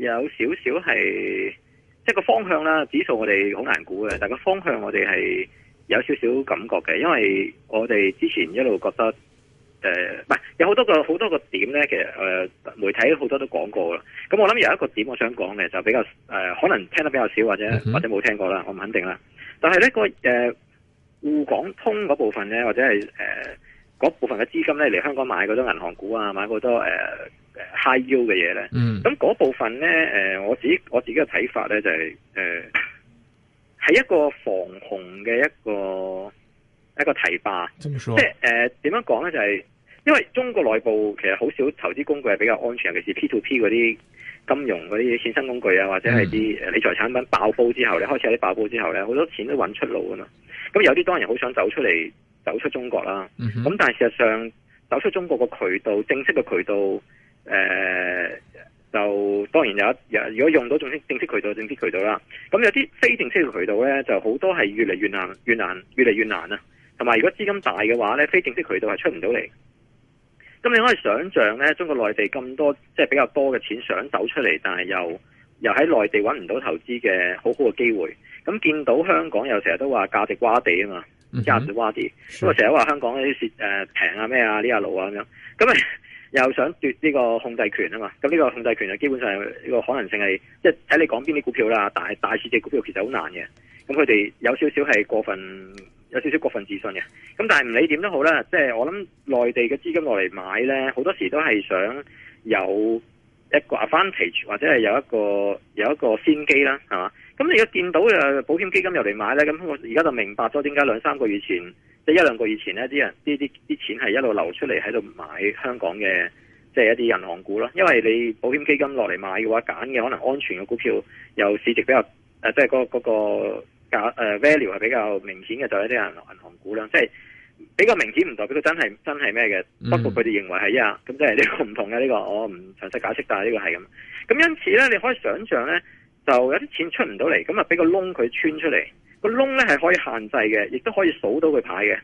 有少少係即係個方向啦，指數我哋好難估嘅，但係個方向我哋係有少少感覺嘅，因為我哋之前一路覺得誒，唔、呃、係有好多個好多個點咧，其實誒、呃、媒體好多都講過啦。咁我諗有一個點我想講嘅就比較誒、呃，可能聽得比較少或者或者冇聽過啦，我唔肯定啦。但係呢個誒滬港通嗰部分咧，或者係誒。嗰部分嘅資金咧嚟香港買嗰多銀行股啊，買嗰多、uh, high yield 嘅嘢咧。咁嗰、嗯、部分咧，我自己我自己嘅睇法咧就係、是、係、uh, 一個防洪嘅一個一個堤壩。說即係誒點樣講咧？就係、是、因為中國內部其實好少投資工具係比較安全，尤其是 P2P 嗰啲金融嗰啲衍生工具啊，或者係啲理財產品爆煲之後，你、嗯、開始有啲爆煲之後咧，好多錢都揾出路啊嘛。咁有啲當然好想走出嚟。走出中國啦，咁但係事實上走出中國個渠道，正式嘅渠道，誒、呃、就當然有一，如果用到正式正式渠道，正式渠道啦。咁有啲非正式嘅渠道呢，就好多係越嚟越難，越難越嚟越難啊。同埋，如果資金大嘅話呢，非正式渠道係出唔到嚟。咁你可以想象呢，中國內地咁多即係、就是、比較多嘅錢想走出嚟，但係又又喺內地揾唔到投資嘅好好嘅機會。咁見到香港又成日都話價值窪地啊嘛～加唔啲，成日話香港啲蝕誒平啊咩啊呢下路啊咁樣，咁啊又想奪呢個控制權啊嘛，咁呢個控制權啊基本上呢個可能性係，即係睇你講邊啲股票啦，但係大市值股票其實好難嘅，咁佢哋有少少係過分，有少少過分自信嘅，咁但係唔理點都好啦，即係我諗內地嘅資金落嚟買咧，好多時都係想有一個 advantage，或者係有一個有一個先機啦，係嘛？咁你而家見到保險基金又嚟買咧，咁我而家就明白咗點解兩三個月前，即係一兩個月前呢啲人啲啲啲錢係一路流出嚟喺度買香港嘅，即係一啲銀行股啦。因為你保險基金落嚟買嘅話，揀嘅可能安全嘅股票，又市值比較即係嗰嗰個價、呃、value 係比較明顯嘅，就係一啲銀行股啦。即係比較明顯，唔代表佢真係真係咩嘅。嗯、不過佢哋認為係呀，咁即係呢個唔同嘅呢個，我唔詳細解釋，但係呢個係咁。咁因此咧，你可以想象咧。就有啲錢出唔到嚟，咁啊俾個窿佢穿出嚟，個窿咧係可以限制嘅，亦都可以數到佢牌嘅，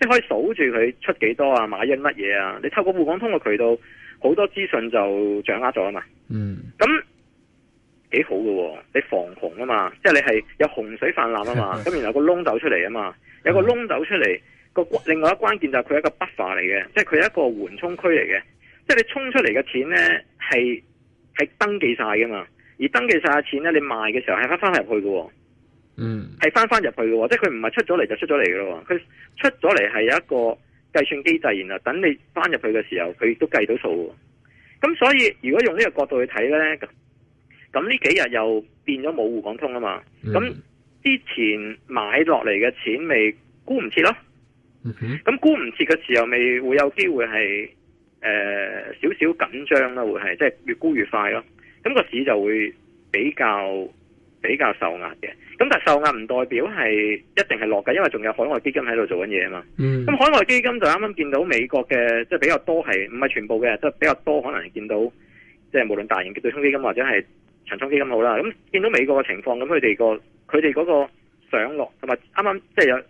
即係可以數住佢出幾多啊，買因乜嘢啊？你透過滬港通嘅渠道，好多資訊就掌握咗啊嘛。嗯，咁幾好嘅、啊，你防洪啊嘛，即係你係有洪水泛濫啊嘛，咁 然後個窿走出嚟啊嘛，有個窿走出嚟個、嗯、另外一關鍵就係佢係一個 buffer 嚟嘅，即係佢係一個緩衝區嚟嘅，即係你衝出嚟嘅錢咧係係登記晒噶嘛。而登記晒嘅錢咧，你賣嘅時候係翻翻入去嘅，嗯，係翻翻入去嘅，即係佢唔係出咗嚟就出咗嚟嘅咯。佢出咗嚟係有一個計算機制，然後等你翻入去嘅時候，佢亦都計到數。咁所以如果用呢個角度去睇咧，咁呢幾日又變咗冇滬港通啊嘛。咁、嗯、之前買落嚟嘅錢咪沽唔切咯，咁沽唔切嘅時候，咪會有機會係誒少少緊張啦，會係即係越沽越快咯。咁個市就會比較比較受壓嘅，咁但係受壓唔代表係一定係落㗎，因為仲有海外基金喺度做緊嘢啊嘛。Mm. 咁海外基金就啱啱見到美國嘅，即係比較多係唔係全部嘅，都比較多可能見到，即係無論大型對沖基金或者係長沖基金好啦。咁見到美國嘅情況，咁佢哋個佢哋嗰個上落同埋啱啱即係有。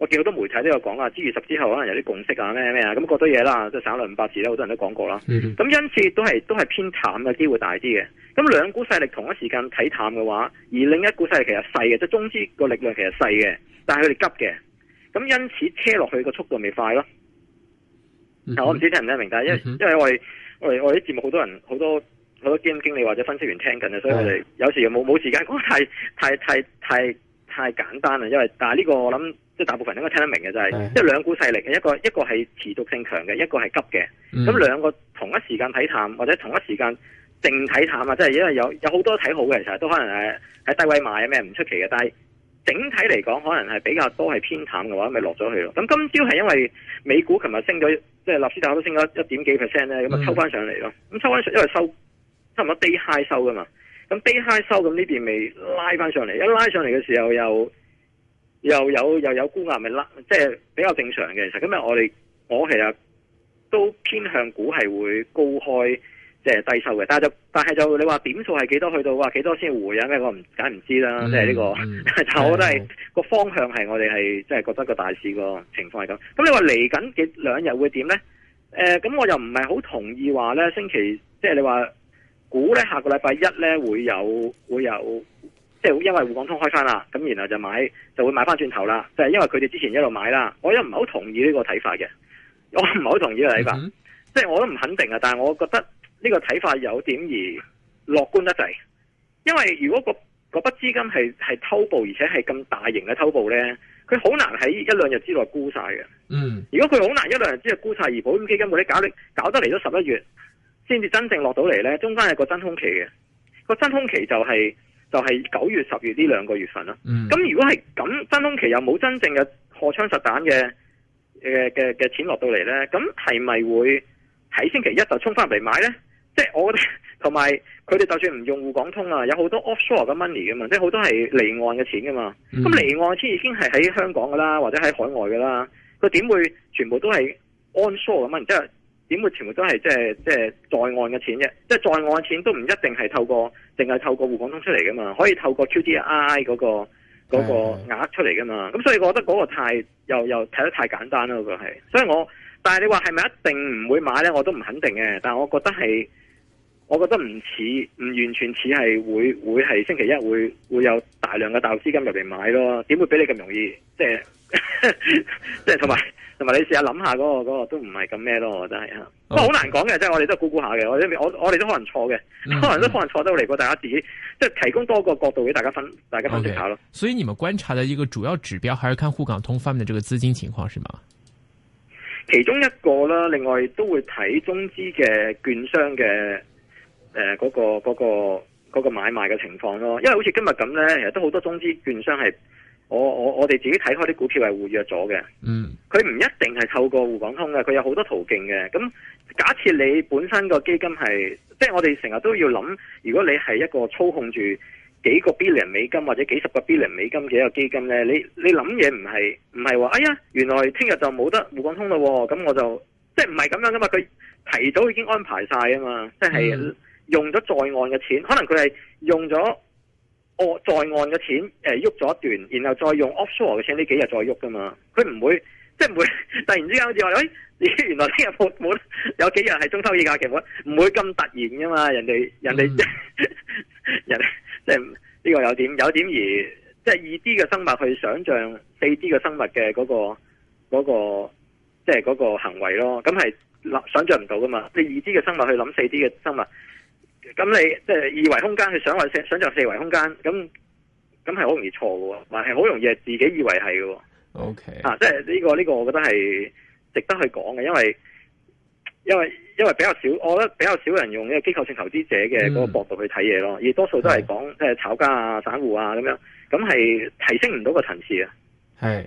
我見好多媒體都有講啊，之月十之後可能有啲共識啊，咩咩啊，咁過多嘢啦，即係省略五百字咧，好多人都講過啦。咁、嗯、哼因此都係都係偏淡嘅機會大啲嘅。咁兩股勢力同一時間睇淡嘅話，而另一股勢力其實細嘅，即、就是、中資個力量其實細嘅，但係佢哋急嘅。咁因此車落去個速度未快咯、嗯哼。但我唔知聽唔聽得明，但係因因為我哋我哋我哋啲節目好多人好多好多基金經理或者分析員聽緊啊，所以佢哋有時又冇冇時間講、哦、太太太太太簡單啦。因為但係呢個我諗。即係大部分應該聽得明嘅，就係即係兩股勢力，一個一個係持續性強嘅，一個係急嘅。咁兩個同一時間睇淡，或者同一時間淨睇淡啊，即係因為有有好多睇好嘅，其實都可能誒喺低位買啊咩，唔出奇嘅。但係整體嚟講，可能係比較多係偏淡嘅話，咪落咗去咯。咁今朝係因為美股琴日升咗，即係納斯達克都升咗一點幾 percent 咧，咁啊抽翻上嚟咯。咁抽翻上，因為收差唔多 day high 收噶嘛。咁 day high 收咁呢邊未拉翻上嚟？一拉上嚟嘅時候又。又有又有沽壓咪甩，即、就、係、是、比較正常嘅，其實今。今日我哋我其實都偏向股係會高開即係、就是、低收嘅，但係就但係就你話點數係幾多去到話幾多先回啊？咩我唔簡唔知啦，即係呢個。嗯、但係我覺得係個、嗯、方向係我哋係即係覺得個大市個情況係咁。咁你話嚟緊幾兩日會點咧？誒、呃，咁我又唔係好同意話咧，星期即係、就是、你話股咧下個禮拜一咧會有會有。會有即係因為滬港通開翻啦，咁然後就買就會買翻轉頭啦。就係、是、因為佢哋之前一路買啦，我又唔係好同意呢個睇法嘅。我唔係好同意呢個睇法，即係、mm hmm. 我都唔肯定啊。但係我覺得呢個睇法有點而樂觀得滯，因為如果、那個嗰筆資金係係偷步，而且係咁大型嘅偷步咧，佢好難喺一兩日之內沽晒嘅。嗯，如果佢好難一兩日之內沽晒，而保險基金會搞得搞得嚟到十一月先至真正落到嚟咧，中間係個真空期嘅，個真空期就係、是。就係九月、十月呢兩個月份啦。咁、嗯、如果係咁，真空期又冇真正嘅荷槍實彈嘅，嘅嘅嘅錢落到嚟呢，咁係咪會喺星期一就衝翻嚟買呢？即係我覺得，同埋佢哋就算唔用滬港通啊，有好多 offshore 嘅 money 嘅嘛，即係好多係離岸嘅錢㗎嘛。咁、嗯、離岸嘅錢已經係喺香港噶啦，或者喺海外噶啦，佢點會全部都係 onshore 嘅 money 即係？點會全部都係即係即係在岸嘅錢啫？即係在岸錢都唔一定係透過，淨係透過滬港通出嚟㗎嘛？可以透過 QDII 嗰個嗰個額出嚟㗎嘛？咁所以我覺得嗰個太又又睇得太簡單咯，佢係。所以我，但係你話係咪一定唔會買呢？我都唔肯定嘅。但係我覺得係，我覺得唔似，唔完全似係會會係星期一會會有大量嘅大陸資金入嚟買咯。點會俾你咁容易？即係、嗯、 即係同埋。同埋你試下諗下嗰個嗰、那個都唔係咁咩咯，我覺得係，不過好難講嘅，即係我哋都估估下嘅，我猜猜我哋都可能錯嘅，mm hmm. 可能都可能錯得嚟過大家自己，即係提供多個角度俾大家分，Okay. 大家分析下咯。Okay. 所以你們觀察的一個主要指標，還是看滬港通方面嘅這個資金情況，是嗎？其中一個啦，另外都會睇中資嘅券商嘅嗰、呃那個嗰、那個嗰、那個那個買賣嘅情況咯，因為好似今日咁咧，其實都好多中資券商係。我我我哋自己睇開啲股票係互約咗嘅，嗯，佢唔一定係透過滬港通嘅，佢有好多途徑嘅。咁假設你本身個基金係，即係我哋成日都要諗，如果你係一個操控住幾個 billion 美金或者幾十個 billion 美金嘅一個基金咧，你你諗嘢唔係唔係話，哎呀，原來聽日就冇得滬港通啦，咁我就即係唔係咁樣噶嘛，佢提早已經安排晒啊嘛，即係用咗在岸嘅錢，嗯、可能佢係用咗。我在岸嘅錢誒喐咗一段，然後再用 offshore 嘅錢呢幾日再喐噶嘛？佢唔會即係唔會突然之間好似話，誒、哎、你原來呢日冇冇？有幾日係中秋假期冇？唔會咁突然噶嘛？人哋人哋、嗯、人哋即係呢個有點有點而即係二 D 嘅生物去想象四 D 嘅生物嘅嗰、嗰個、嗰個即係嗰個行為咯。咁係想象唔到噶嘛？你二 D 嘅生物去諗四 D 嘅生物。咁你即係、就是、二維空間，佢想話想象四維空間，咁咁係好容易錯嘅，或係好容易係自己以為係嘅。OK 啊，即係呢個呢個，這個、我覺得係值得去講嘅，因為因為因為比較少，我覺得比較少人用呢個機構性投資者嘅嗰個角度去睇嘢咯，嗯、而多數都係講即係的炒家啊、散戶啊咁樣，咁係提升唔到個層次啊。係。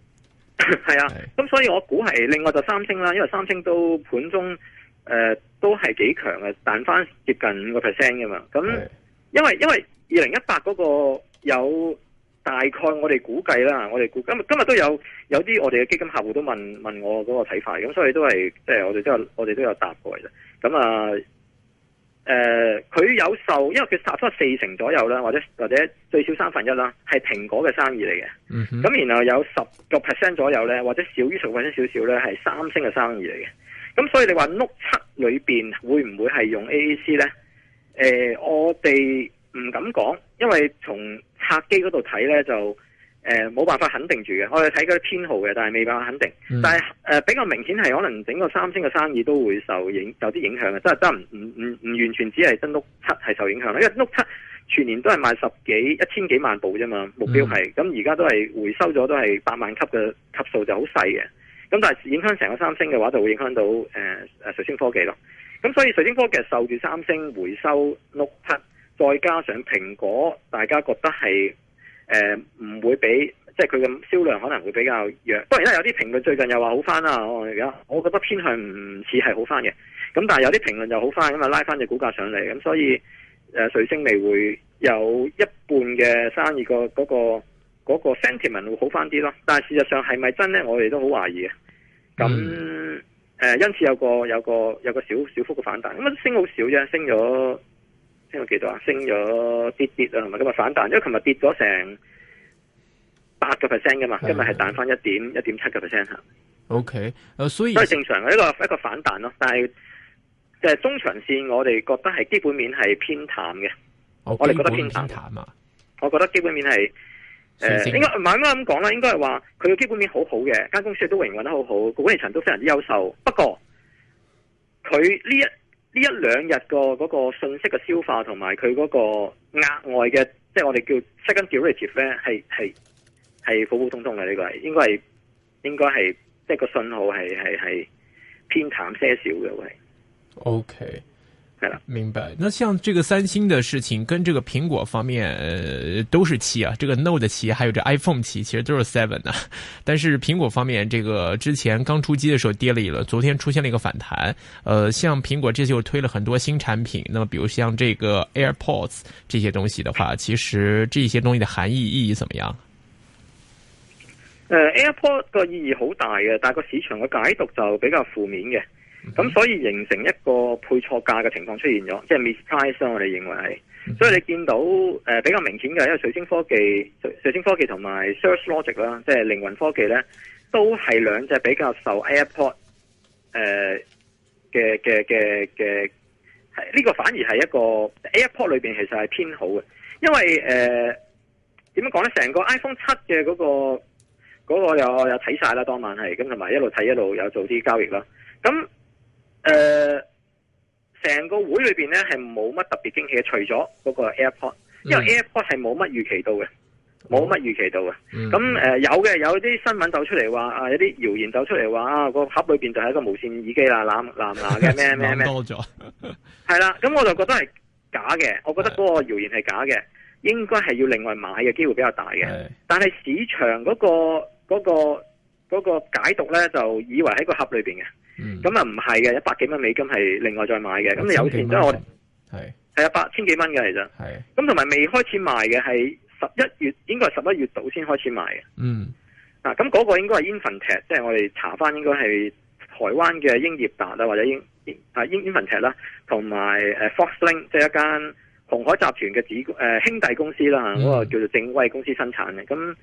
係 啊，咁所以我估係另外就三星啦，因為三星都盤中誒、呃、都係幾強嘅，彈翻接近五個 percent 噶嘛。咁是的 因為因為二零一八嗰個有大概我哋估計啦，我哋估今今日都有有啲我哋嘅基金客戶都問問我嗰個睇法，咁所以都係即係我哋都有我哋都有答過嘅。咁啊。誒，佢、呃、有售，因為佢吸咗四成左右啦，或者或者最少三分一啦，係蘋果嘅生意嚟嘅。咁、嗯、哼然後有十個 percent 左右咧，或者少於十 percent 少少咧，係三星嘅生意嚟嘅。咁所以你話 Note 七裏邊會唔會係用 AAC 咧？誒、呃，我哋唔敢講，因為從拆機嗰度睇咧就。誒，冇、呃、辦法肯定住嘅，我哋睇嗰啲編號嘅，但係未辦法肯定。嗯、但係誒、呃，比較明顯係可能整個三星嘅生意都會受影，有啲影響嘅，即係得唔唔唔唔完全只係爭 note 七係受影響啦，因為 note 七全年都係賣十幾一千幾萬部啫嘛，目標係，咁而家都係回收咗都係百萬級嘅級數就好細嘅，咁但係影響成個三星嘅話，就會影響到誒誒，瑞、呃、星科技咯。咁所以瑞星科技受住三星回收 note 七，再加上蘋果，大家覺得係。誒唔、呃、會比即係佢嘅銷量可能會比較弱，當然啦，有啲評論最近又話好翻啦，而家我覺得偏向唔似係好翻嘅，咁但係有啲評論又好翻，咁啊拉翻隻股價上嚟，咁所以誒瑞、呃、聲未會有一半嘅生意個、嗰個嗰、嗰個嗰個 sentiment 會好翻啲咯，但係事實上係咪真嘅呢？我哋都好懷疑嘅，咁誒、嗯呃、因此有個有個有個小小幅嘅反彈，咁啊升好少啫，升咗。升咗幾多啊？升咗啲啲啊，同埋今日反彈，因為琴日跌咗成八個 percent 噶嘛，今日係彈翻一點一點七個 percent 吓。OK，uh, 所以都係正常嘅一個一個反彈咯。但係就係中長線，我哋覺得係基本面係偏淡嘅。Okay. 我哋覺得偏淡，偏淡啊，我覺得基本面係誒、呃，應該唔係應該咁講啦。應該係話佢嘅基本面好好嘅，間公司都營運得好好，管理層都非常之優秀。不過佢呢一呢一兩日個嗰個信息嘅消化同埋佢嗰個額外嘅，即係我哋叫 second derivative 咧，係係係普普通通嘅呢個係應該係應該係即係個信號係係係偏淡些少嘅，喂 OK。明白。那像這個三星的事情跟這個蘋果方面，呃、都是七啊，這個 Note 七還有這 iPhone 七，其實都是 Seven 啊。但是蘋果方面，這個之前剛出機的時候跌了一了，昨天出現了一個反彈。呃，像蘋果這就推了很多新產品，那麼比如像這個 AirPods 這些東西的話，其實這些東西的含義意義怎麼樣？呃，AirPods 嘅意義好大啊，但個市場嘅解讀就比較負面嘅。咁、嗯、所以形成一個配錯價嘅情況出現咗，即、就、係、是、mispriced 啦。我哋認為係，所以你見到誒、呃、比較明顯嘅，因為水星科技、水、水星科技同埋 Search Logic 啦，即係靈魂科技咧，都係兩隻比較受 AirPod 誒、呃、嘅嘅嘅嘅。呢、這個反而係一個 AirPod 裏邊其實係偏好嘅，因為誒點、呃、樣講咧？成個 iPhone 七嘅嗰、那個嗰、那個有有睇晒啦，當晚係咁，同埋一路睇一路有做啲交易啦，咁。誒，成、呃、個會裏邊咧係冇乜特別驚喜嘅，除咗嗰個 AirPod，因為 AirPod 係冇乜預期到嘅，冇乜預期到嘅。咁誒、嗯、呃、有嘅有啲新聞走出嚟話啊，有啲謠言走出嚟話啊，個盒裏邊就係一個無綫耳機啦，藍藍牙嘅咩咩咩，吶吶吶 多咗係啦。咁 我就覺得係假嘅，我覺得嗰個謠言係假嘅，應該係要另外買嘅機會比較大嘅。的但係市場嗰、那個嗰、那個嗰、那個那個解讀咧，就以為喺個盒裏邊嘅。咁啊，唔係嘅，一百幾蚊美金係另外再買嘅。咁、嗯、你有錢咗我哋係係八千幾蚊嘅嚟啫。係咁，同埋未開始賣嘅係十一月，應該係十一月度先開始賣嘅。嗯啊，咁嗰個應該係 Inventec，即係我哋查翻應該係台灣嘅英業達啦，或者英啊英 Inventec 啦，同埋誒 Foxlink 即係一間鴻海集團嘅子誒兄弟公司啦，嗰、嗯、個叫做正威公司生產嘅咁。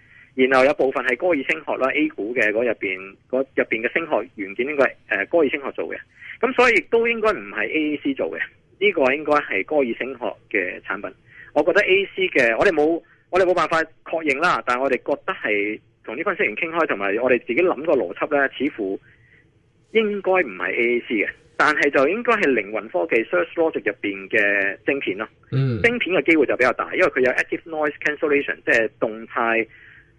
然後有部分係歌爾聲學啦，A 股嘅嗰入邊，入邊嘅聲學元件應該係誒歌爾聲學做嘅，咁所以亦都應該唔係 A A C 做嘅，呢、呢個應該係歌爾聲學嘅產品。我覺得 A C 嘅，我哋冇我哋冇辦法確認啦，但係我哋覺得係同呢份聲明傾開，同埋我哋自己諗個邏輯咧，似乎應該唔係 A A C 嘅，但係就應該係凌雲科技 Cirrus Logic 入邊嘅晶片咯。嗯，晶片嘅機會就比較大，因為佢有 Active Noise Cancellation，即係動態。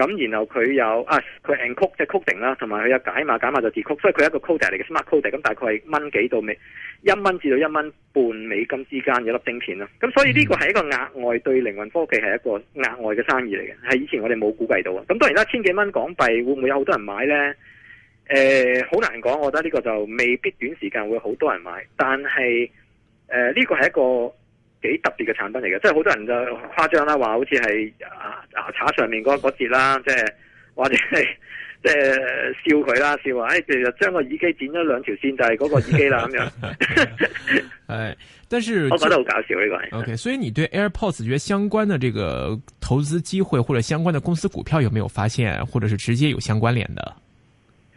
咁然後佢有啊，佢 encode 即係 coding 啦，同埋佢有解碼，解碼就 decode，所以佢一個 coder 嚟嘅，smart coder 咁、嗯、大概係蚊幾到尾，一蚊至到一蚊半美金之間嘅一粒晶片啦。咁、嗯、所以呢個係一個額外對靈魂科技係一個額外嘅生意嚟嘅，係以前我哋冇估計到啊。咁、嗯、當然啦，千幾蚊港幣會唔會有好多人買咧？誒、呃，好難講。我覺得呢個就未必短時間會有好多人買，但係誒呢個係一個。幾特別嘅產品嚟嘅，即係好多人就誇張啦，話好似係啊啊查上面嗰嗰節啦，即係或者係即係笑佢啦，笑話誒，其實將個耳機剪咗兩條線就係嗰個耳機啦咁樣。係， 但係我覺得好搞笑呢、這個。O、okay, K，所以你對 AirPods 覺得相關的這個投資機會或者相關的公司股票有沒有發現，或者是直接有相關聯的？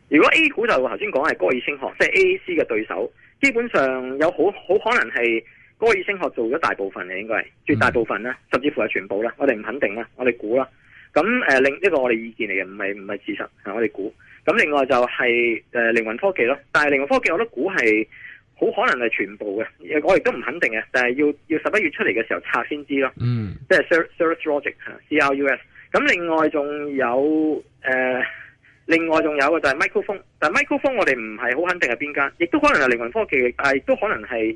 如果 A 股就頭先講係歌爾聲學，即、就、係、是、AAC 嘅對手，基本上有好好可能係。嗰個歌爾聲學做咗大部分嘅，應該係絕大部分啦，嗯、甚至乎係全部啦。我哋唔肯定啦，我哋估啦。咁誒，另呢個我哋意見嚟嘅，唔係唔係事實吓，我哋估。咁另外就係誒靈魂科技咯。但係靈魂科技，我都估係好可能係全部嘅。我亦都唔肯定嘅，但係要要十一月出嚟嘅時候拆先知咯。嗯。即係 Cirrus Logic 吓，CRUS。咁另外仲有誒，另外仲有嘅就係 Microphone，但係 Microphone 我哋唔係好肯定係邊間，亦都可能係靈魂科技，但係亦都可能係。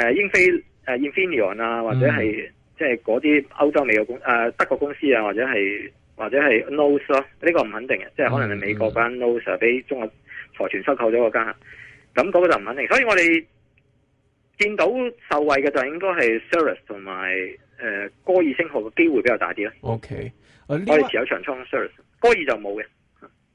誒，英菲、uh, uh, mm，誒 Infineon 啊，或者係即係嗰啲歐洲美國公誒、uh, 德國公司啊，或者係或者係 Nosa 呢個唔肯定嘅，即係可能係美國間 Nosa 俾中國財團收購咗個間，咁、那、嗰個就唔肯定。所以我哋見到受惠嘅就係應該係 Cirrus 同埋誒歌爾升號嘅機會比較大啲咯，OK，我哋持有長倉 Cirrus，歌爾就冇嘅。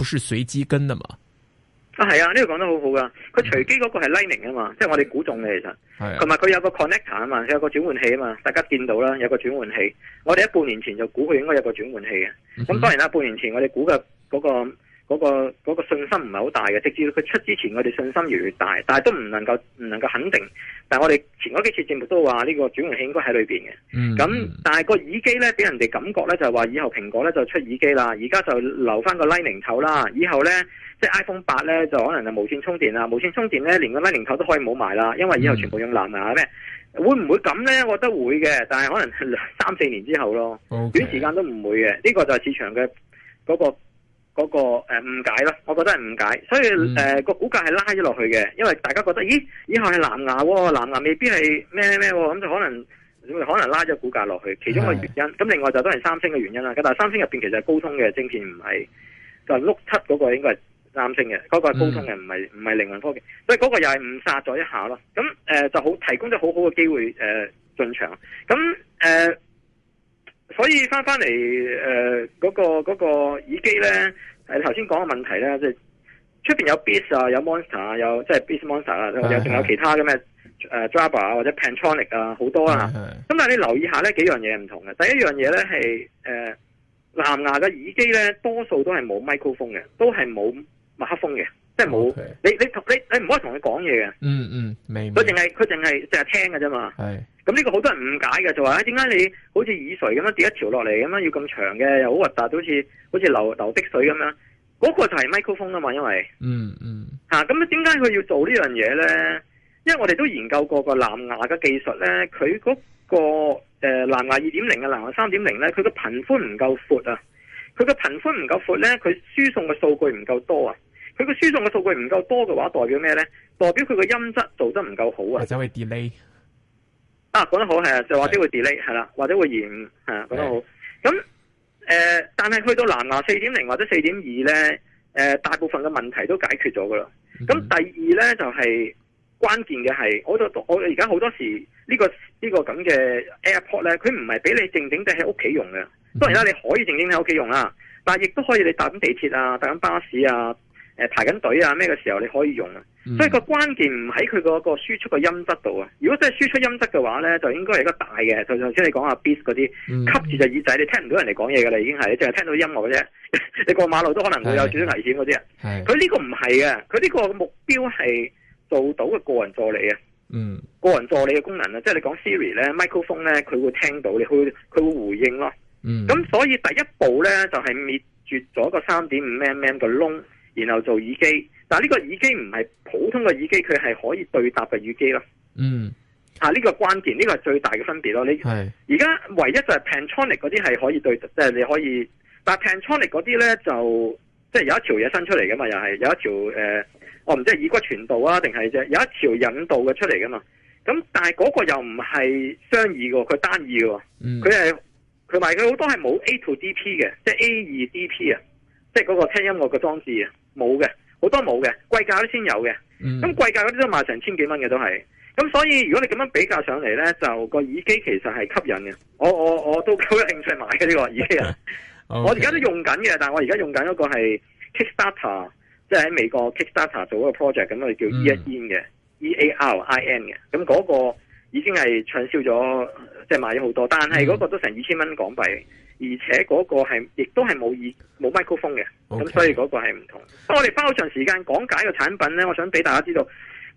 不是隨機跟的嘛？啊，係啊，呢、呢個講得好好噶。佢隨機嗰個係 Lightning 啊嘛，嗯、即係我哋估中嘅其實，同埋佢有，它有個 connector 啊嘛，佢有個轉換器啊嘛，大家見到啦，有個轉換器。我哋喺半年前就估佢應該有個轉換器嘅。咁、嗯、哼當然啦，半年前我哋估嘅嗰個。嗰、那個嗰、那個、信心唔係好大嘅，直至佢出之前，我哋信心越來越大，但係都唔能夠唔能夠肯定。但係我哋前嗰幾次節目都話呢個轉型器應該喺裏面嘅。咁、嗯、但係個耳機呢，俾人哋感覺呢，就係話以後蘋果呢就出耳機啦，而家就留翻個 Lightning 頭啦。以後呢，即係 iPhone 八呢，就可能就無線充電啦，無線充電呢，連個 Lightning 頭都可以冇埋啦，因為以後全部用藍牙咩？嗯、會唔會咁呢？我覺得會嘅，但係可能三四年之後咯，Okay. 短時間都唔會嘅。呢、這個就係市場嘅嗰、那個。嗰個誒誤解咯，我覺得係誤解，所以誒個股價係拉咗落去嘅，因為大家覺得咦，以後係藍牙喎，藍牙未必係咩咩喎，咁就可能可能拉咗股價落去。其中一個原因，咁的另外就都係三星嘅原因啦。咁但係三星入邊其實係高通嘅晶片唔係，唔係就 Note 7嗰個應該係三星嘅，嗰、嗰個係高通嘅，唔係唔係靈魂科技，所以嗰個又係誤殺咗一下咯。咁誒、呃、就好提供咗好好嘅機會誒、呃、進場，咁誒。呃所以翻翻嚟，誒、呃、嗰、那個嗰、那個、耳機咧，誒頭先講嘅問題咧，即係出邊有 Beats 啊，有，mon 啊有、就是、monster 啊，有即係 Beats monster 啊，有仲有其他嘅咩誒 driver 啊，或者 pantonic 啊，好多啦。咁是是 但係你留意下咧，幾樣嘢唔同嘅。第一樣嘢咧係誒藍牙嘅耳機咧，多數都係冇 microphone 嘅，都係冇麥克風嘅。即係冇 Okay. 你，你你你唔可以同佢講嘢嘅。嗯嗯，明佢淨係佢淨係聽嘅啫嘛。係咁呢個好多人誤解嘅，就話咧點解你好似耳垂咁樣跌一條落嚟咁樣要咁長嘅，又好核突，好似好似流流滴水咁樣。嗰個就係 microphone 啦嘛，因為嗯嗯吓，咁點解佢要做呢樣嘢咧？因為我哋都研究過個藍牙嘅技術咧，佢嗰個誒藍牙二點零嘅藍牙三點零咧，佢嘅頻寬唔夠闊啊，佢嘅頻寬唔夠闊咧，佢輸送嘅數據唔夠多啊。佢個輸送嘅數據唔夠多嘅話，代表咩呢？代表佢個音質做得唔夠好啊！或者會 delay 啊，講得好係啊，就或者會 delay 係啦，或者會延啊，講得好。咁誒的、呃，但係去到藍牙四點零或者四點二呢，誒、呃，大部分嘅問題都解決咗噶啦。咁、嗯、哼第二呢，就係、是、關鍵嘅係，我就我而家好多時候、這個這個、這呢個呢個咁嘅 AirPods 咧，佢唔係俾你靜靜地喺屋企用嘅。當然啦，你可以靜靜喺屋企用啦，但係亦都可以你搭緊地鐵啊，搭緊巴士啊。誒，排緊隊啊咩嘅時候你可以用啊，嗯、所以個關鍵唔喺佢個輸出個音質度啊。如果真係輸出音質嘅話咧，就應該係一個大嘅，就同之前你講下 bass、嗯、s 嗰啲吸住隻耳仔，你聽唔到人哋講嘢噶啦，已經係，淨係聽到音樂嘅啫。你過馬路都可能會有少少危險嗰啲啊。係佢呢個唔係嘅，佢呢個目標係做到個個人助理啊。嗯，個人助理嘅功能啊，即、就、係、是、你講 Siri 咧，microphone 咧，佢會聽到你，佢佢會，會回應咯。咁、嗯、所以第一步咧就係滅絕咗個三點五 mm 嘅窿。然後做耳機，但係呢個耳機唔係普通嘅耳機，佢係可以對答嘅耳機咯。嗯，啊呢、呢個關鍵，呢、呢個係最大嘅分別咯。你而家是唯一就係 Plantronics 嗰啲係可以對，即、呃、係你可以，但係 Plantronics 嗰啲咧就即係有一條嘢伸出嚟噶嘛，又係有一條誒，我、呃、唔、哦、知係耳骨傳導啊定係啫，有一條引導嘅出嚟噶嘛。咁但係嗰個又唔係雙耳噶，佢單耳噶，佢係佢賣嘅好多係冇 A2DP 嘅，即係 A2DP 啊，即係嗰個聽音樂嘅裝置啊。冇嘅，好多冇嘅，貴價啲先有嘅。咁、嗯、貴價嗰啲都賣成千幾蚊嘅都係。咁所以如果你咁樣比較上嚟咧，就個耳機其實係吸引嘅。我我我都好有興趣買嘅呢、這個耳機啊。 Okay. 我而家都用緊嘅，但係我而家用緊嗰個係 Kickstarter，即係喺美國 Kickstarter 做一個 project，咁我哋叫 EARIN、嗯、E-A-R-I-N 嘅 E-A-R-I-N 嘅。咁嗰、那個。已經係暢銷咗，即係賣咗好多，但係嗰個都成二千蚊港幣，而且嗰個亦都係冇耳冇咪高峰嘅，咁 Okay. 所以嗰個係唔同。我哋花好長時間講解個產品呢，我想俾大家知道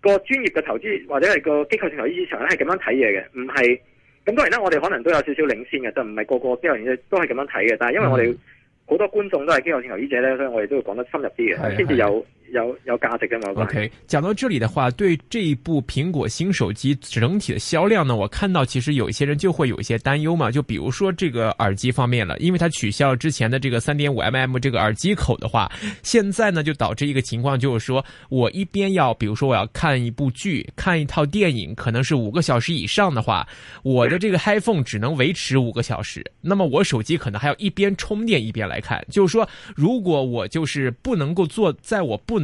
個專業嘅投資或者係個機構性投資市場呢，係咁樣睇嘢嘅，唔係咁，當然啦，我哋可能都有少少領先嘅，就唔係個個機構投資都係咁樣睇嘅，但係因為我哋好多觀眾都係機構性投資者呢，所以我哋都要講得深入啲嘅，先至的有。有有價值的 OK，講到這裡的話，對這一部蘋果新手機整體的銷量呢，我看到其實有一些人就會有一些擔憂嘛。就比如說這個耳機方面了，因為它取消了之前的這個三點五 MM 這個耳機口的話，現在呢就導致一個情況，就是說我一邊要，比如說我要看一部劇，看一套電影，可能是五個小時以上的話，我的這個 iPhone 只能維持五個小時，那麼我手機可能還要一邊充電一邊來看。就是說，如果我就是不能夠做，在我不能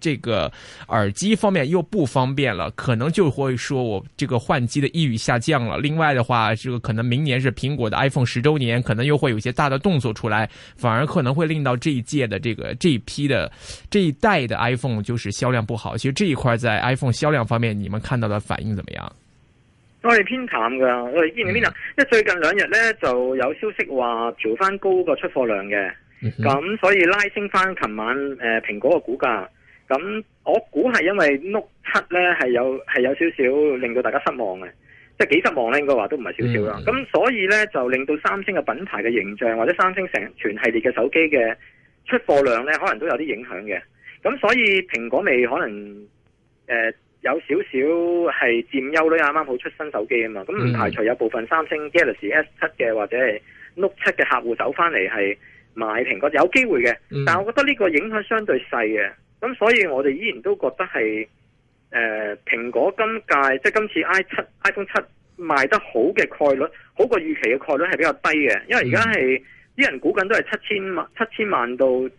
這個耳機方面又不方便了，可能就會說我這個換機的意欲下降了。另外的話，這個可能明年是蘋果的 iPhone 十周年，可能又會有一些大的動作出來，反而可能會令到這一屆的這個這一批的這一代的 iPhone 就是銷量不好。其實這一塊在 iPhone 銷量方面，你們看到的反應怎麼樣？我哋偏淡㗎，我哋偏淡。因為最近兩日呢，就有消息話調翻高個出貨量嘅，咁、嗯、哼所以拉升翻琴晚誒、呃、蘋果嘅股價。咁我估係因為 Note 七咧，係有係有少少令到大家失望嘅，即係幾失望咧，應該話都唔係少少啦。咁、mm hmm. 所以咧就令到三星嘅品牌嘅形象或者三星成全系列嘅手機嘅出貨量咧，可能都有啲影響嘅。咁所以蘋果咪可能誒、呃、有少少係佔優咯，啱啱好出新手機啊嘛。咁唔排除有部分三星 Galaxy S 七嘅或者係 Note 七嘅客戶走翻嚟係買蘋果，有機會嘅。Mm hmm. 但係我覺得呢個影響相對細嘅。咁、嗯、所以，我哋依然都覺得係誒、呃、蘋果今屆即係今次 i 7, iPhone 7賣得好嘅概率，好過預期嘅概率係比較低嘅。因為而家係啲人估緊都係七千萬七千萬到誒、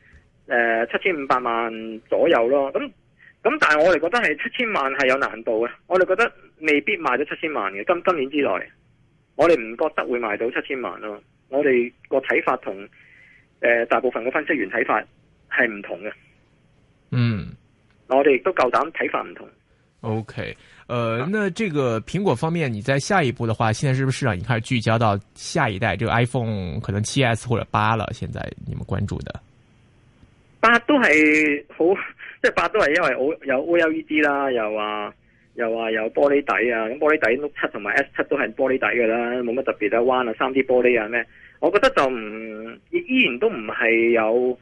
呃、七千五百萬左右咯。咁咁，但係我哋覺得係七千萬係有難度嘅。我哋覺得未必賣到七千萬嘅。今今年之內，我哋唔覺得會賣到七千萬咯。我哋個睇法同誒、呃、大部分嘅分析員睇法係唔同嘅。嗯，我哋亦都夠膽睇法唔同。OK，呃，那這個蘋果方面，你在下一步的話，現在是不是市場已經開始聚焦到下一代？就、這個、iPhone 可能七 S 或者八了，現在你們關注的八都係好，即係八都係因為有 O L E D 啦，又話又話有玻璃底啊，咁玻璃底 note 七同埋 S 七都係玻璃底㗎啦，冇乜特別啊彎啊三 D 玻璃啊咩，我覺得就唔依然都唔係有。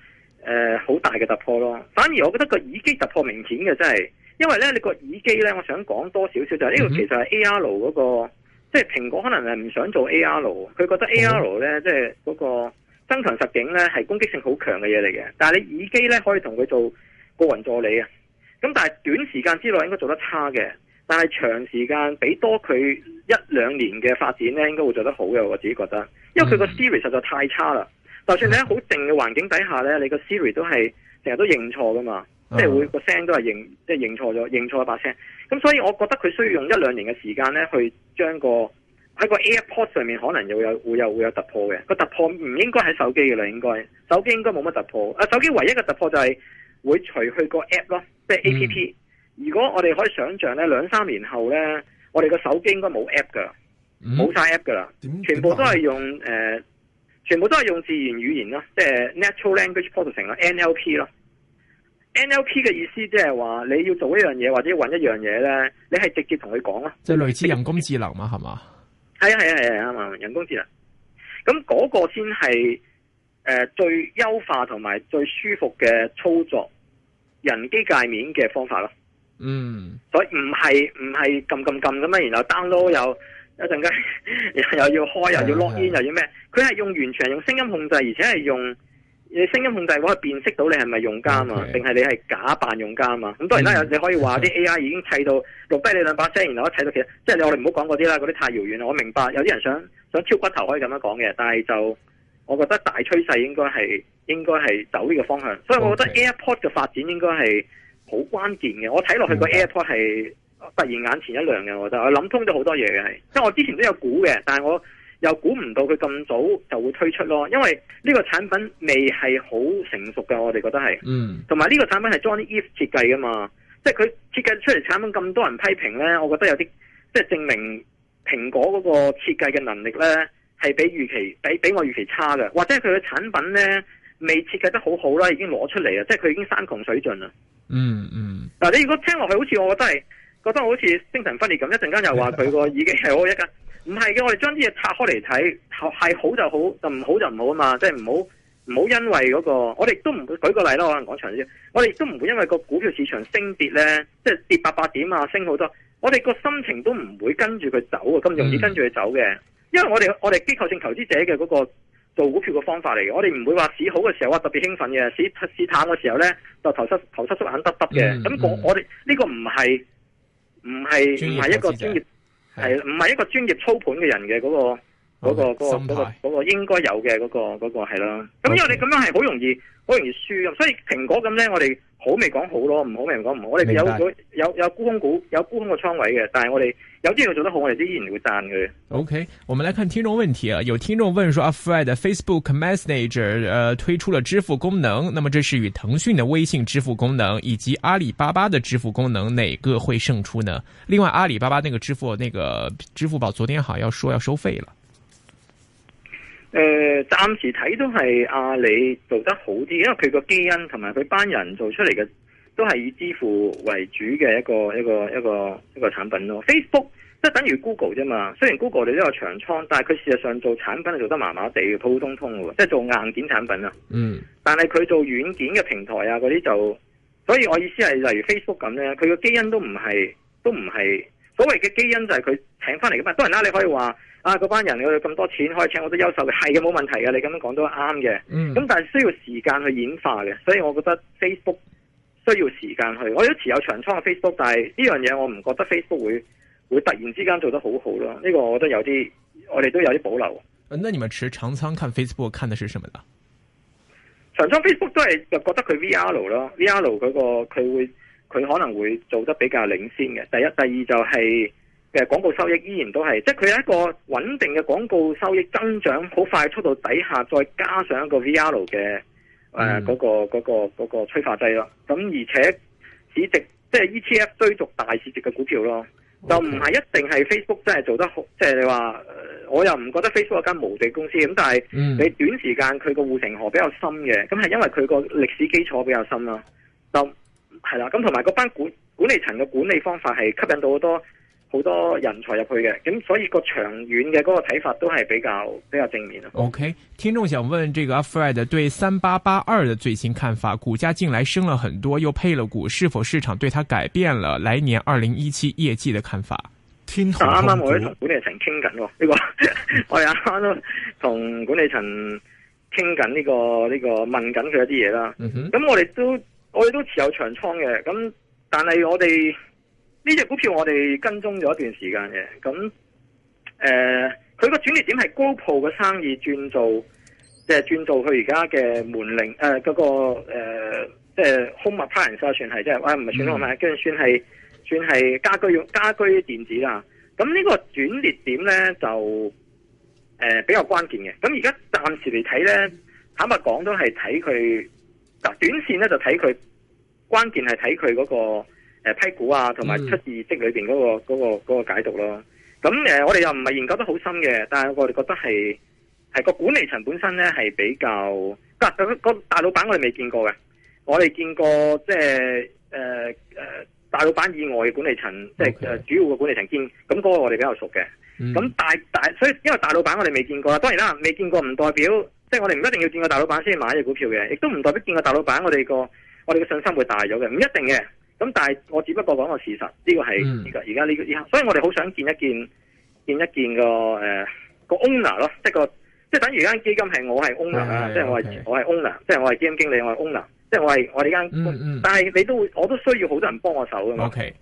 誒，好、呃、大嘅突破咯！反而我覺得個耳機突破明顯嘅，真係，因為呢。你個耳機呢，我想講多少少就係、是、呢、嗯、個其實係 A R 嗰、那個，即係蘋果可能係唔想做 A R，佢覺得 A R 呢，哦、即係嗰個增強實境呢，係攻擊性好強嘅嘢嚟嘅，但係你耳機呢，可以同佢做個人助理啊，咁但係短時間之內應該做得差嘅，但係長時間俾多佢一兩年嘅發展呢，應該會做得好嘅，我自己覺得，因為佢個 Siri 實在太差啦。嗯嗯就算你喺好靜嘅環境底下呢，你個 Siri 都係成日都認錯噶嘛，uh huh. 即係會個聲都係認，即係認錯咗，認錯一把聲。咁所以我覺得佢需要用一兩年嘅時間呢，去將個喺個 AirPods 上面可能又有會有會有，會有突破嘅。個突破唔應該喺手機嘅啦，應該手機應該冇乜突破。啊，手機唯一嘅突破就係會除去個 App 咯，即係 A P P。Mm hmm. 如果我哋可以想象呢，兩三年後呢，我哋個手機應該冇 App 噶，冇晒、mm hmm. App 噶啦，樣全部都係用誒。樣全部都係用自然語言咯，即係 natural language processing 咯，NLP 咯。NLP 嘅意思即係話你要做一樣嘢或者揾一樣嘢咧，你係直接同佢講咯。即係類似人工智能嘛，係嘛你？係啊係啊係啊，嘛人工智能。咁嗰個先係誒最優化同埋最舒服嘅操作人機界面嘅方法咯。嗯。所以唔係唔係撳撳撳咁樣，然後 download 又。一陣間又要開要 in，又要錄音又要咩？佢係用完全用聲音控制，而且係用聲音控制，我係辨識到你係咪用家嘛，定係 Okay. 你係假扮用家嘛？咁當然啦，有、嗯、你可以話啲 A I 已經砌到錄低你兩把聲，然後一睇到其實，即係我哋唔好講嗰啲啦，嗰啲太遙遠啦。我明白有啲人想想挑骨頭可以咁樣講嘅，但係就我覺得大趨勢應該係應該係走呢個方向，所以我覺得 AirPod 嘅發展應該係好關鍵嘅。我睇落去個 AirPod 係。Okay. 突然眼前一亮嘅，我覺得我諗通咗好多嘢嘅，係，因為我之前都有估嘅，但係我又估唔到佢咁早就會推出咯，因為呢個產品未係好成熟嘅，我哋覺得係，嗯，同埋呢個產品係 Jony Ive 設計噶嘛，即係佢設計出嚟產品咁多人批評咧，我覺得有啲，即係證明蘋果嗰個設計嘅能力咧係比預期比比我預期差嘅，或者佢嘅產品咧未設計得很好好啦，已經攞出嚟啊，即係佢已經山窮水盡啦，嗯，嗯嗯，嗱你如果聽落去好似我覺得係。覺得好似精神分裂咁，一陣間又話佢個耳機係我一間，唔係嘅。我哋將啲嘢拆開嚟睇，係好就好，就唔好就唔好啊嘛！即係唔好唔好，因為嗰、那個我哋都唔會舉個例啦。我可能講長啲，我哋都唔會因為個股票市場升跌咧，即係跌八八點啊，升好多，我哋個心情都唔會跟住佢走嘅，咁容易跟住佢走嘅。嗯、因為我哋我哋機構性投資者嘅嗰個做股票嘅方法嚟嘅，我哋唔會話市好嘅時候話特別興奮嘅，市市淡嘅時候咧就頭失頭失縮眼耷耷嘅。咁、嗯嗯那個、我我哋呢個唔係。唔係，唔係一個專業，係，唔係一個專業操盤嘅人嘅嗰、那個。嗰、那個嗰、那個 Okay.、那個那個、應該應該有嘅嗰、那個嗰、那個係咯。咁、那個、因為你咁樣係好容易好容易輸咁，所以蘋果咁咧，我哋好未講好咯，唔好未講唔。好，我哋有白有有沽空股，有沽空嘅倉位嘅。但係我哋有啲嘢做得好，我哋都依然會贊佢。OK，我們來看聽眾問題啊，有聽眾問說，a、啊、Fred Facebook Messenger，呃，推出了支付功能，那麼這是與騰訊的微信支付功能以及阿里巴巴的支付功能，哪個會勝出呢？另外，阿里巴巴那個支付，那個支付寶昨天好要說要收費了。誒，暫時睇都係阿里做得好啲，因為佢個基因同埋佢班人做出嚟嘅都係以支付為主嘅一個一個一個一個產品咯。Facebook 即係等於 Google 啫嘛，雖然 Google 你都有長倉，但係佢事實上做產品係做得麻麻地嘅，普普通通喎，即係做硬件產品啦。嗯，但係佢做軟件嘅平台啊嗰啲就，所以我意思係例如 Facebook 咁咧，佢個基因都唔係都唔係。所謂嘅基因就係佢請翻嚟噶嘛，當然啦，你可以話啊，嗰班人有咁多錢可以請好多優秀嘅，係嘅冇問題嘅，你咁樣講都啱嘅。咁、嗯、但係需要時間去演化嘅，所以我覺得 Facebook 需要時間去。我有持有長倉嘅 Facebook，但係呢樣嘢我唔覺得 Facebook 會會突然之間做得好好咯。呢個我覺得有啲，我哋都有啲保留。那你們持長倉看 Facebook 看的是什麼呢？長倉 Facebook 都係就覺得佢 VR 咯，VR 嗰個佢會。佢可能會做得比較領先嘅，第一、第二就係、是、嘅廣告收益依然都係，即係佢一個穩定嘅廣告收益增長好快速度底下，再加上一個 VR 嘅誒嗰個嗰嗰、那個那個、催化劑咯。咁而且市值即係、就是、ETF 追逐大市值嘅股票咯 Okay.，就唔係一定係 Facebook 真係做得好，即係你話我又唔覺得 Facebook 有間無地公司咁，但係你短時間佢個護城河比較深嘅，咁係因為佢個歷史基礎比較深啦。就係啦，咁同埋嗰班管管理層嘅管理方法係吸引到好多好多人才入去嘅，咁所以長遠個長遠嘅嗰個睇法都係比較比較正面。OK，聽眾想問這個阿 Fred 對三八八二嘅最新看法，股價近來升了很多，又配了股，是否市場對它改變了來年二零一七業績的看法？聽啱啱我都同管理層傾緊喎，呢、呢個 我啱啱都同管理層傾緊呢個呢、呢個問緊佢一啲嘢啦。咁、嗯、哼我哋都。我哋都持有長倉嘅，咁但係我哋呢隻股票我哋跟蹤咗一段時間嘅，咁誒，佢、呃、個轉捩點係高鋪嘅生意轉做，即、呃、係轉做佢而家嘅門鈴誒，嗰、呃這個誒、呃，即係 home appliance 算係，即係唔係算 home 跟住算係算係家居用家居電子啦。咁呢個轉捩點咧就誒、呃、比較關鍵嘅。咁而家暫時嚟睇咧，坦白講都係睇佢。嗱，短線咧就睇佢，關鍵係睇佢嗰個、呃、批股啊，同埋出業績裏邊嗰個嗰解讀咯。咁誒、嗯，我哋又唔係研究得好深嘅，但係我哋覺得係係個管理層本身咧係比較、啊、大老闆我哋未見過嘅，我哋見過即係誒誒大老闆以外嘅管理層，即係誒主要嘅管理層見，咁、那、嗰個我哋比較熟嘅。咁大、嗯、大，所以因為大老闆我哋未見過啦，當然啦，未見過唔代表。即係我哋唔一定要見個大老闆先買隻股票嘅，亦都唔代表見個大老闆我哋個我哋嘅信心會大咗嘅，唔一定嘅。咁但係我只不過講個事實，呢、這個係而家而家呢個，所以我哋好想見一見，見一見個誒、呃、個 owner 咯，即係個即係等於間基金係我係 owner 啊，的，即係我係 okay. 我係 owner，即係我係基金經理，我係 owner，即係我係我哋間。嗯嗯但係你都會，我都需要好多人幫我手噶嘛。Okay.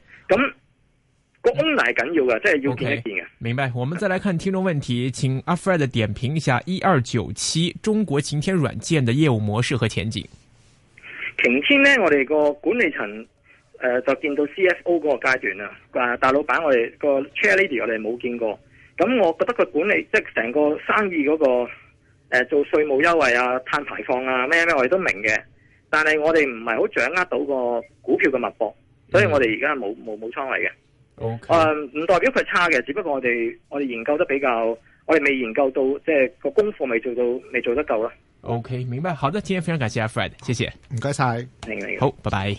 個恩係緊要嘅，即、就、係、是、要變一變嘅。Okay, 明白，我們再來看聽眾問題，請阿 Fred 點評一下一二九七中國擎天軟件嘅業務模式和前景。擎天咧，我哋個管理層誒、呃、就見到 CFO 嗰個階段啦，啊大老闆我哋個 chair lady 我哋冇見過。咁我覺得佢管理即係成個生意嗰、那個誒、呃、做稅務優惠啊、碳排放啊咩咩，我哋都明嘅。但係我哋唔係好掌握到個股票嘅脈搏，所以我哋而家冇冇冇倉位嘅。哦，誒，唔代表佢差嘅，只不過我哋我哋研究得比較，我哋未研究到，即係個功課未做到，未做得夠啦。OK，明白，好的，今天非常感謝、啊、Fred，謝謝，唔該晒。好，拜拜。